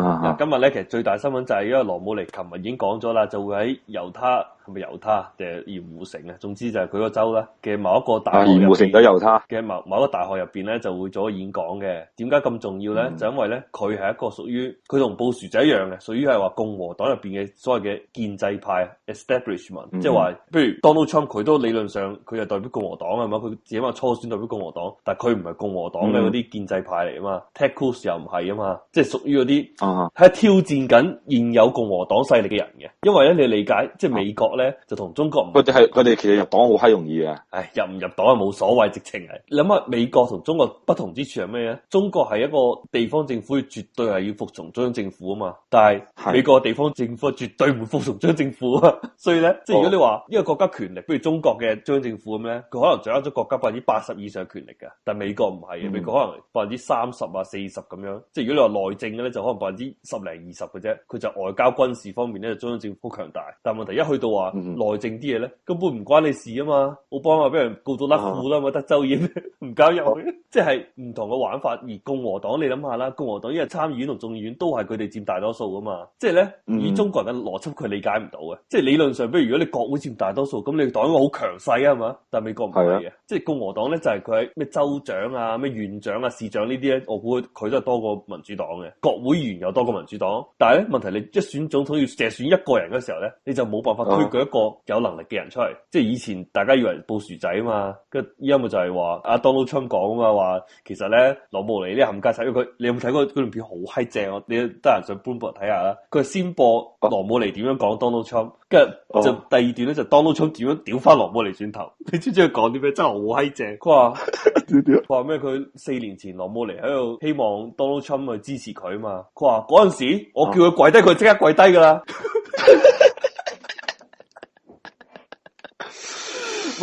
嗱，今日咧，其實最大新聞就係、是、因為羅姆尼琴日已經講咗啦，就會喺猶他係咪猶他嘅鹽湖城啊，總之就係佢個州咧嘅某一個大學。鹽湖城定猶他嘅某某一個大學入邊咧，就會做演講嘅。點解咁重要咧？嗯、就因為咧，佢係一個屬於佢同布殊仔一樣嘅，屬於係話共和黨入邊嘅所謂嘅建制派 （establishment），即係話、嗯，譬如 Donald Trump，佢都理論上佢係代表共和黨係嘛？佢自己話初選代表共和黨，但係佢唔係共和黨嘅嗰啲建制派嚟啊嘛，Ted Cruz 又唔係啊嘛，即係屬於嗰啲。啊，係挑戰緊現有共和黨勢力嘅人嘅，因為咧，你理解即係美國咧就同中國唔同，佢哋其實入黨好閪容易嘅，唉，入唔入黨係冇所謂，直情係諗下美國同中國不同之處係咩咧？中國係一個地方政府絕對係要服從中央政府啊嘛，但係美國地方政府絕對唔服從中央政府， 所以咧，即係如果你話呢個國家權力，譬如中國嘅中央政府咁咧，佢可能掌握咗國家百分之八十以上嘅權力嘅，但美國唔係，嗯、美國可能百分之三十啊四十咁樣，即係如果你話內政嘅咧，就可能。百分之十零二十嘅啫，佢就外交軍事方面咧，中央政府強大。但問題一去到話內、嗯嗯、政啲嘢咧，根本唔關你事啊嘛。奧巴馬俾人告到甩褲啦嘛，得、啊、州縣唔交入去，啊、 即係唔同嘅玩法。而共和黨你諗下啦，共和黨因為參議院同眾議院都係佢哋占大多數噶嘛。即係咧，嗯、以中國人嘅邏輯佢理解唔到嘅。即係理論上，比如如果你國會佔大多數，咁你黨好強勢啊嘛。但係美國唔係嘅，的即係共和黨咧就係佢喺咩州長啊、咩縣長啊、市長,、啊、市長呢啲咧，我估佢都係多過民主黨嘅國會。有多個民主黨，但係咧問題，你一選總統要淨係選一個人嘅時候咧，你就冇辦法推舉一個有能力嘅人出嚟。即係以前大家以為布殊仔啊嘛，跟住依家咪就係話阿 Donald Trump 講啊嘛，話其實咧羅姆尼呢啲冚家產，因為佢你有冇睇過佢段片好閪正啊？你得閒上 Bloomberg 睇下啦。佢係先播羅姆尼點樣講 Donald Trump。跟住、oh. 就第二段咧，就 Donald Trump 點樣屌翻羅姆尼轉頭？你知唔知佢講啲咩？真係好閪正。佢話，佢話咩？佢四年前羅姆尼喺度希望 Donald Trump 去支持佢嘛？佢話嗰陣時，我叫佢跪低，佢即、oh. 刻跪低噶啦。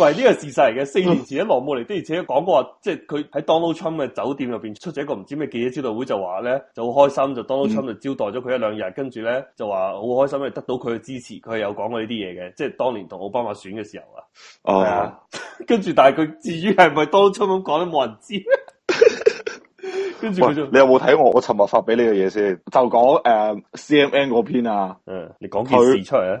因為呢個事實嚟嘅，四年前喺羅姆尼的而且講過話，即係佢喺 Donald Trump 嘅酒店入邊出咗一個唔知咩記者招待會就呢，就話咧就好開心，就 Donald Trump 就招待咗佢一兩日，跟住咧就話好開心，係得到佢嘅支持。佢有講過呢啲嘢嘅，即係當年同奧巴馬選嘅時候、哦、係係啊。哦， 跟住但係佢至於係咪當初咁講都冇人知。 跟住佢就你有冇睇我我尋日發俾你嘅嘢先？就講誒、uh, C M N 嗰篇啊。嗯，你講件事出嚟啊。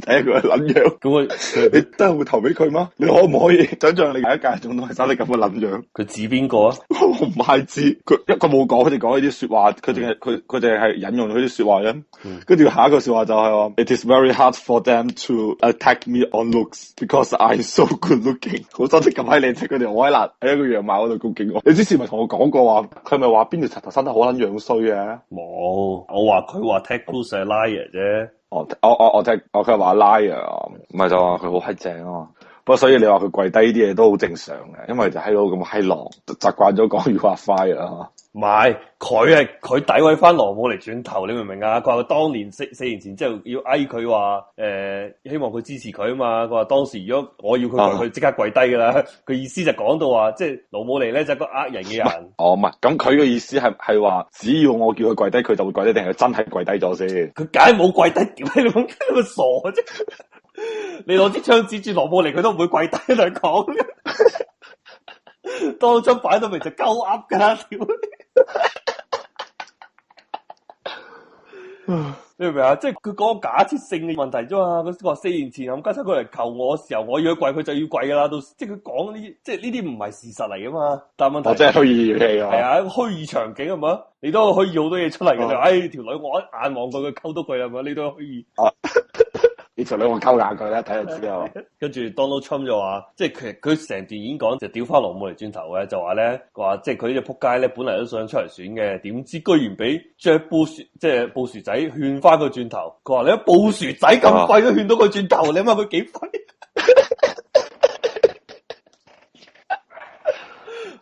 睇下佢嘅捻樣，咁佢我 你真係會投俾佢嗎？你可唔可以想象你下一屆總統係生得咁嘅捻樣，樣？佢指邊個啊？我唔係指佢，一個冇講佢哋講呢啲說，說話，佢哋係佢佢哋係引用佢啲說話啊。跟住 下一個說話就係、是、我 ，It is very hard for them to attack me on looks because I'm so good looking 好。好真得咁閪靚仔，佢哋好閪難喺一個樣貌，我就攻擊我。你之前咪同我講過話，佢咪話邊度柒頭生得好捻樣衰啊？冇，我話佢話 Ted Cruz is a liar 啫。哦、我我我佢係 liar，是我即係我佢話 liar 啊，唔係就話佢好閪正啊，不過所以你話佢跪低呢啲嘢都好正常嘅，因為就喺度咁閪狼，習慣咗講粵話快啊吓。唔係佢係佢詆毀翻羅姆尼轉頭，你明唔明啊？佢話佢當年四四年前之後、就是、要哀佢話，誒、呃、希望佢支持佢啊嘛。佢話當時如果我要佢跪，佢即、啊、刻跪低噶啦。佢意思就講到話，即係羅姆尼咧，就一個呃人嘅人。哦、啊，唔係，咁佢嘅意思係係話，只要我叫佢跪低，佢就會跪低，定係佢真係跪低咗先？佢梗係冇跪低，點解咁咁傻啫？你攞支、啊、 槍指住羅姆尼，佢都唔會跪低嚟講。 當真擺到明就鳩噏噶啦， 你明唔明啊？即係佢講假設性嘅問題啫嘛。佢話四年前林嘉森佢嚟求我嘅時候，我要跪佢就要跪噶啦。到即係佢講呢，即係呢啲唔係事實嚟噶嘛。但係問題真係虛擬嚟，係啊，虛擬、啊、場景係嘛？你都可以要好多嘢出嚟嘅。唉、啊，條女、哎、我一眼望佢，佢溝到佢，啊嘛。你都可以。啊 實你我溝眼佢啦，睇下之後，跟住 Donald Trump 就話，即係佢佢成段演講就調翻羅姆尼轉頭嘅，就話咧佢話，即係佢呢隻撲街咧，本嚟都想出嚟選嘅，點知居然俾隻布薯，即係布薯仔勸翻佢轉頭，佢話你一布薯仔咁快都勸到佢轉頭， 你乜佢幾快？」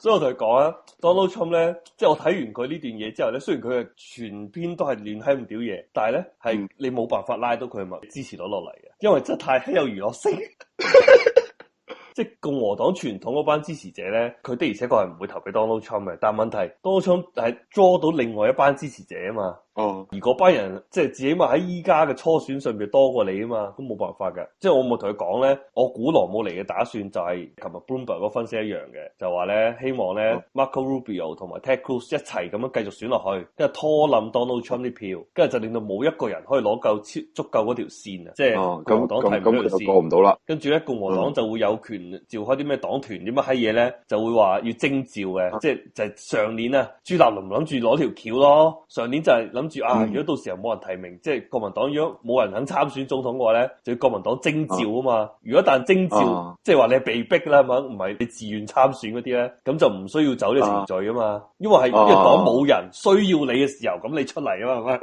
所以我同佢講啊，Donald Trump 咧，即係我睇完佢呢段嘢之後咧，雖然佢係全篇都係亂閪咁屌嘢，但係咧係你冇辦法拉到佢物支持到落嚟嘅，因為真係太稀有娛樂性。 即係共和黨傳統嗰班支持者咧，佢的而且確係唔會投俾 Donald Trump 嘅，但問題 Donald Trump 係捉到另外一班支持者啊嘛。哦，而嗰班人即係自己嘛喺依家嘅初選上面多過你啊嘛，都冇辦法嘅。即係我冇同佢講咧，我估羅姆尼嘅打算就係琴日 Bloomberg 個分析一樣嘅，就話、是、咧希望咧 Marco Rubio 同埋 Ted Cruz 一齊咁樣繼續選落去，跟住拖冧 Donald Trump 啲票，跟住就令到冇一個人可以攞夠超足夠嗰條線啊！即係共，、嗯嗯嗯、共和黨係唔過唔到啦。跟住咧共和黨就會有權召開啲咩黨團啲乜閪嘢咧，就會話要徵召嘅。即係就係上年啊，朱立倫諗住攞條橋咯，上年就係諗。諗住啊，如果到時候冇人提名，即係國民黨如果冇人肯參選總統嘅話咧，就要國民黨徵召啊嘛。如果但係徵召，啊、即係話你係被逼啦，係嘛，唔係你自願參選嗰啲咧，咁就唔需要走呢個程序啊嘛。因為係呢個黨冇人需要你嘅時候，咁你出嚟啊嘛。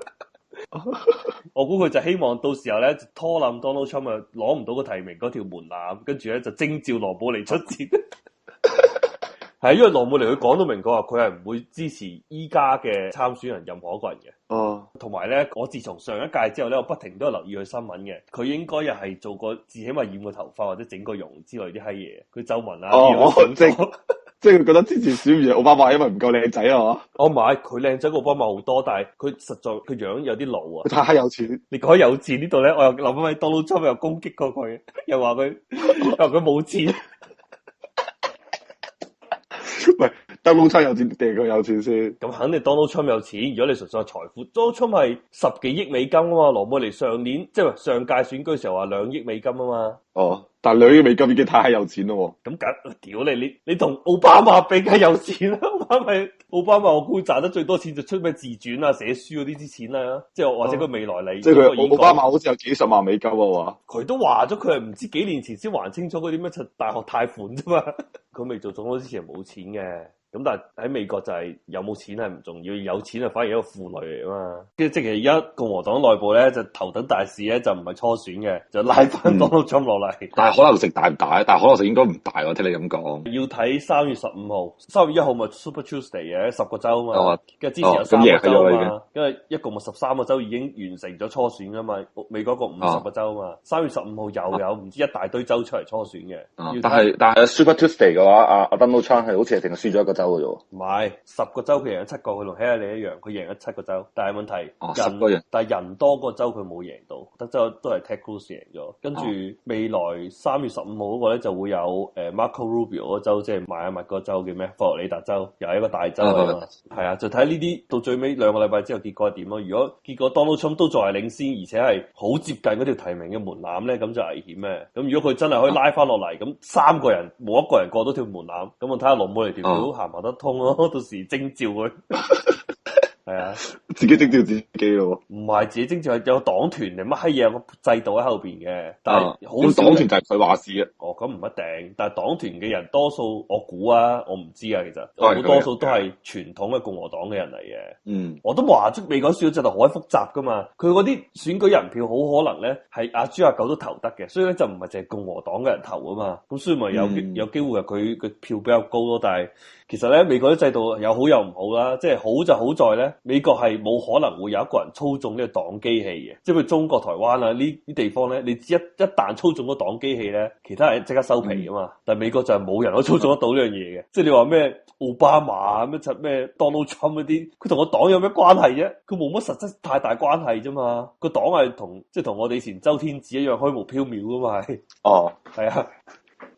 我估佢就希望到時候咧，就拖冧 Donald Trump 攞唔到個提名嗰條門檻，跟住咧就徵召羅寶嚟出戰。 係因為羅姆尼佢講到明，佢話佢係唔會支持依家嘅參選人任何一個人嘅。哦，同埋咧，我自從上一屆之後咧，我不停都係留意佢新聞嘅。佢應該又係做過，至起碼染個頭髮或者整過容之類啲閪嘢。佢皺紋啊，哦哦、即係 即係佢覺得之前選唔住奧巴馬，因為唔夠靚仔啊嘛。我唔係，佢靚仔過奧巴馬好多，但係佢實在佢樣有啲老啊。太有錢。你講有錢呢度咧，我又諗翻起 Donald Trump 又攻擊過佢，又話佢又佢冇錢。 特朗普有錢定佢有錢先？咁肯定特朗普咪有錢。如果你純粹係財富，特朗普係十幾億美金啊嘛。羅姆尼上年即係話上屆選舉時候話兩億美金啊嘛。哦，但兩億美金已經太有錢咯喎、哦！咁梗屌你，你你同奧巴馬比係有錢啦？係奧巴馬，我估賺得最多錢就出咩自傳啊、寫書嗰啲啲錢啦、啊。即係、哦、或者佢未來嚟，即係佢奧巴馬好似有幾十萬美金啊？佢都話咗，佢係唔知幾年前先還清楚啲咩大學貸款啫嘛。佢 未做總統之前冇錢嘅，咁但係喺美國就係有冇錢係唔重要，有錢啊反而一個負累嚟啊嘛。即係即係而家共和黨內部咧就頭等大事咧就唔係初選嘅，就拉翻 d o 但係可能性大唔大？但係可能性應該唔大，我聽你咁講，要睇三月十五號，三月一號咪 Super Tuesday 嘅十個州嘛，嘅、哦、之前有三個州嘛，哦哦、因為一共咪十三個州已經完成咗初選㗎嘛。美國個五十個州嘛，三、啊、月十五號又有唔、啊、知一大堆州出嚟初選嘅、啊看。但係但係 Super Tuesday 嘅話，阿阿 Donald Trump 係好似係定係輸咗一個州㗎啫，唔係十個州佢贏咗七個，佢同希拉莉一樣，佢贏咗七個州。但係問題、啊、十個人，但係人多個州佢冇贏到，德州都係 Ted Cruz 贏咗，跟住、啊、未。來三月十五號嗰個咧就會有誒 Marco Rubio 嗰州，即係邁阿密嗰州叫咩？佛羅里達州又係一個大州啊，係啊， 就睇呢啲到最尾兩個禮拜之後結果係點咯。如果結果 Donald Trump 都仲係領先，而且係好接近嗰條提名嘅門檻咧，咁就危險咩？咁如果佢真係可以拉翻落嚟，咁 三個人冇一個人過到條門檻，咁我睇下羅姆尼條路行唔行得通咯。到時徵召佢。係啊，自己徵召自己咯，唔係自己徵召，有黨團定乜閪嘢個制度喺後邊嘅，但係、啊、好黨團就係佢話事嘅。哦，咁唔一定，但係黨團嘅人多數，我估啊，我唔知啊，其實好多數都係傳統嘅共和黨嘅人嚟嘅。嗯，我都話出，美國選制度好複雜噶嘛，佢嗰啲選舉人票好可能咧係阿豬阿狗都投得嘅，所以咧就唔係淨係共和黨嘅人投啊嘛。咁所以咪有、嗯、有有機會佢嘅票比較高咯，但係。其實咧，美國啲制度有好有唔好啦，即係好就好在咧，美國係冇可能會有一個人操縱呢個黨機器嘅，即係譬如中國台灣啊，呢啲地方咧，你一一旦操縱咗黨機器咧，其他人即刻收皮啊嘛，但係美國就係冇人可以操縱得到呢樣嘢嘅，即係你話咩奧巴馬咩咩 Donald Trump 嗰啲，佢同個黨有咩關係啫？佢冇乜實質太大關係啫嘛，這個黨係同即係同我哋以前周天子一樣虛無縹緲噶嘛係，哦，係啊。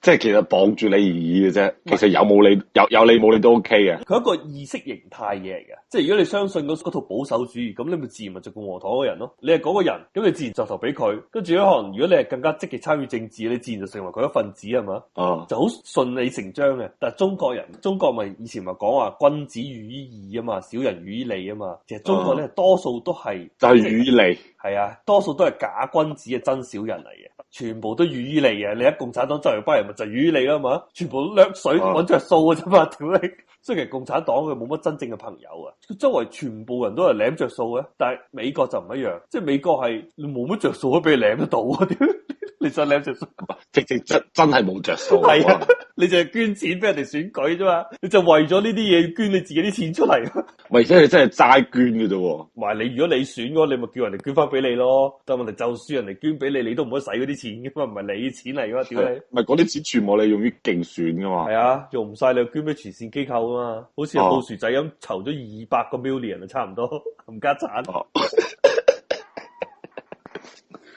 即係其實綁住你而已嘅啫，其實有冇你有有，有你冇你都 O K 嘅。佢一個意識形態嘢嚟嘅，即係如果你相信嗰套保守主義，咁你咪自然咪做共和黨嗰人咯。你係嗰個人，咁你自然就投俾佢。跟住可能如果你係更加積極參與政治，你自然就成為佢一份子係嘛？啊，就好順理成章嘅。但係中國人，中國咪以前咪講話君子喻於義啊嘛，小人喻於利啊嘛。其實中國咧、啊、多數都係就係喻利，係啊，多數都係假君子嘅真小人嚟嘅，全部都喻於利嘅。你一共產黨周圍就淤你啦嘛，全部掠水揾着數嘅啫嘛，屌你！所以其實共產黨佢冇乜真正嘅朋友啊，佢周圍全部人都係舐着數嘅，但係美國就唔一樣，即係美國係冇乜着數都俾你舐得到，啊。屌！你真係冇着數，係 啊！你淨係捐錢俾人哋選舉啫嘛，你就為咗呢啲嘢捐你自己啲錢出嚟。咪即係真係齋捐嘅啫。咪你如果你選嘅你咪叫人哋捐翻俾你咯。但問題就算人哋捐俾你，你都唔可以使嗰啲錢嘅嘛，唔係你錢嚟噶嘛。屌你！唔係嗰啲錢全部你用於競選噶嘛。係啊，用唔晒你去捐俾慈善機構啊嘛。好似布殊仔咁，籌咗二百個 million 啊，差唔多，冚家鏟。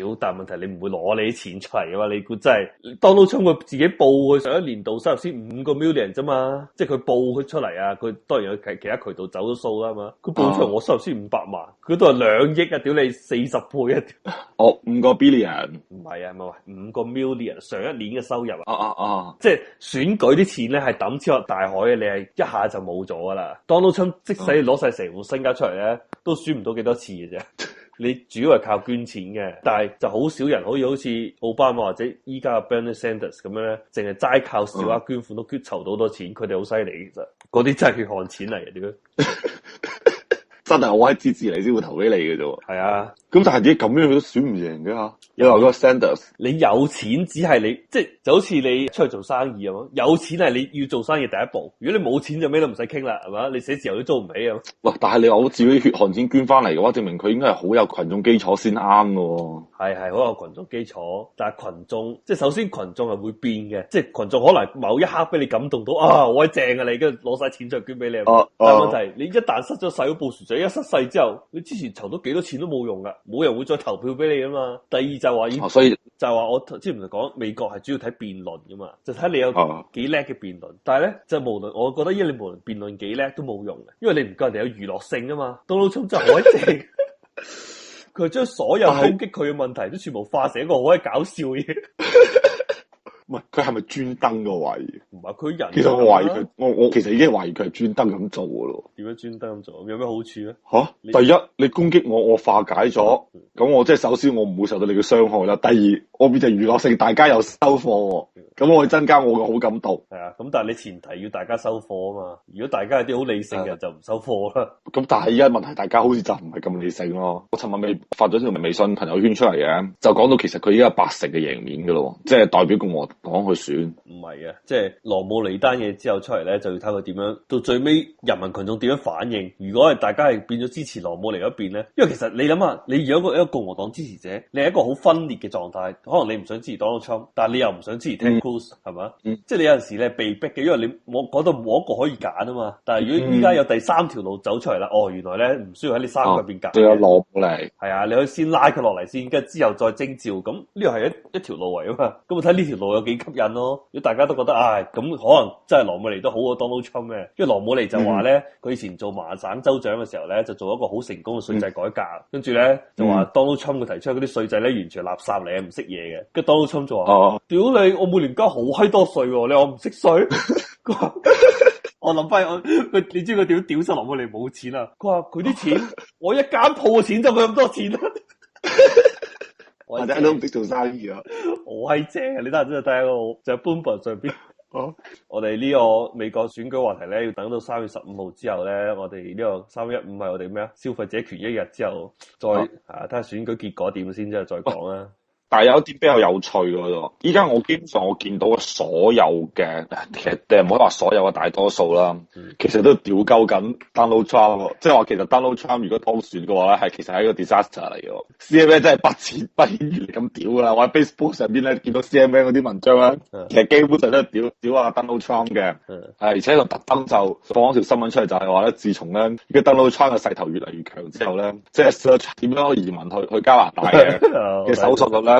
屌！但係問題，你唔會攞你啲錢出嚟嘅嘛？你估真係 Donald Trump 佢自己報佢上一年度收入先五個 million 啫嘛？即係佢報佢出嚟啊！佢當然有其其他渠道走咗數啦嘛？佢報出我收入先五百萬，佢都係兩億啊！屌你四十倍啊！哦，五個 billion 唔係啊，唔係五個 million 上一年嘅收入啊！哦哦哦，即係選舉啲錢咧係抌超落大海嘅。你係一下就冇咗噶啦！Donald Trump 即使攞晒成戶身家出嚟咧，oh. 都選唔到幾多次嘅啫。你主要係靠捐錢嘅，但係就好少人可以好似奧巴馬或者依家嘅 Bernie Sanders 咁樣咧，淨係齋靠小額捐款都捐籌到好多錢，佢哋好犀利其實。嗰啲真係血汗錢嚟嘅，點樣？ 真係我閪支持你先會投俾你嘅啫。係啊。咁但係、啊、名你咁說樣佢都選唔贏嘅嚇。有話講 Sanders，你有錢只係你即係、就係、就好似你出去做生意咁。係嘛？有錢係你要做生意第一步。如果你冇錢就咩都唔使傾啦，係嘛？你寫字又都租唔起啊。哇！但係你攞自己血汗錢捐翻嚟嘅話，證明佢應該係好有群眾基礎先啱嘅喎。係，係好有群眾基礎，但係群眾即係首先群眾係會變嘅，即係群眾可能某一刻俾你感動到啊，我係正嘅、啊、你，跟住攞晒錢再捐俾你。啊、但係問題、啊、你一旦失勢嗰部薯仔一失勢之後，你之前籌到幾多錢都冇用噶。冇人會再投票俾你啊嘛！第二就話要，啊、所以就話我之前唔係講美國係主要睇辯論噶嘛，就睇你有幾叻嘅辯論。啊、但係咧，就係、是、無論，我覺得因一因為你無論辯論幾叻都冇用嘅，因為你唔夠人哋有娛樂性啊嘛。Donald Trump 真係好正，佢將所有攻擊佢嘅問題都全部化成一個好鬼搞笑嘅嘢。 唔係佢係咪專登嘅懷疑？唔係佢人。其實我懷疑佢，我我其實已經懷疑佢係專登咁做嘅咯。點解專登咁做？有咩好處咧？吓、啊，你第一你攻擊我，我化解咗，咁、啊、我即係首先我唔會受到你嘅傷害啦。第二，我變成娛樂性，大家又收貨。咁我會增加我嘅好感度。係啊，咁但係你前提要大家收貨啊嘛。如果大家係啲好理性嘅人，的就唔收貨啦。咁但係而家問題，大家好似就唔係咁理性咯。我尋日咪發咗條微信朋友圈出嚟嘅，就講到其實佢依家有八成嘅贏面嘅咯，即係代表共和黨去選。唔係嘅，即係羅姆尼單嘢之後出嚟咧，就要睇佢點樣到最尾人民群眾點樣反應。如果係大家係變咗支持羅姆尼嗰邊咧，因為其實你諗下，你如果一個共和黨支持者，你係一個好分裂嘅狀態，可能你唔想支持 Donald Trump，但係你又唔想支持聽、嗯。係嘛？嗯、即係你有陣時咧被逼嘅，因為你講到冇一個可以揀啊嘛。但係如果依家有第三條路走出嚟啦，哦，原來咧唔需要喺呢三個入邊揀，仲、啊、有羅姆尼係啊。你可以先拉佢落嚟先，跟住之後再徵召。咁呢個係一一條路嚟啊嘛。咁我睇呢條路有幾吸引咯。如果大家都覺得啊，咁、哎、可能真係羅姆尼都好過 Donald Trump 咩，因為羅姆尼就話咧，佢、嗯、以前做麻省州長嘅時候咧，就做一個好成功嘅稅制改革，跟住咧就話 Donald Trump 佢提出嗰啲稅制咧完全垃，垃圾你啊，唔識嘢嘅。跟住 Donald Trump 就話屌你，我每年。而家好閪多稅喎，啊！你我唔識稅，佢話 我諗翻，我佢你知佢點屌出哋冇錢啊！佢話佢啲錢，我一間鋪嘅錢就冇咁多錢啦，啊！大家、 啊、都唔識做生意啊！我閪正，你得閒真係睇下個就 Bloomberg 上邊。 我哋呢個美國選舉話題咧，要等到三月十五號之後咧，我哋呢個三一五係我哋咩啊？消費者權益日之後，再睇下選舉結果點先，之後再講啦。但係有一啲比較有趣嘅喎，依家我基本上我見到嘅所有嘅，其實唔可以話所有嘅大多數啦，其實都屌鳩緊 Donald Trump，即係話其實 Donald Trump 如果當選嘅話咧，係其實係一個 disaster 嚟嘅。 CMA 真係不恥不恥，咁屌嘅啦。我喺 Facebook 上邊咧見到 CMA 嗰啲文章咧，其實基本上都係屌，屌阿 Donald Trump 嘅，係而且個特登就放咗條新聞出嚟，就係話咧，自從咧 Donald Trump 嘅勢頭越嚟越強之後咧，即係 search 點樣移民去去加拿大嘅 搜索咁咧。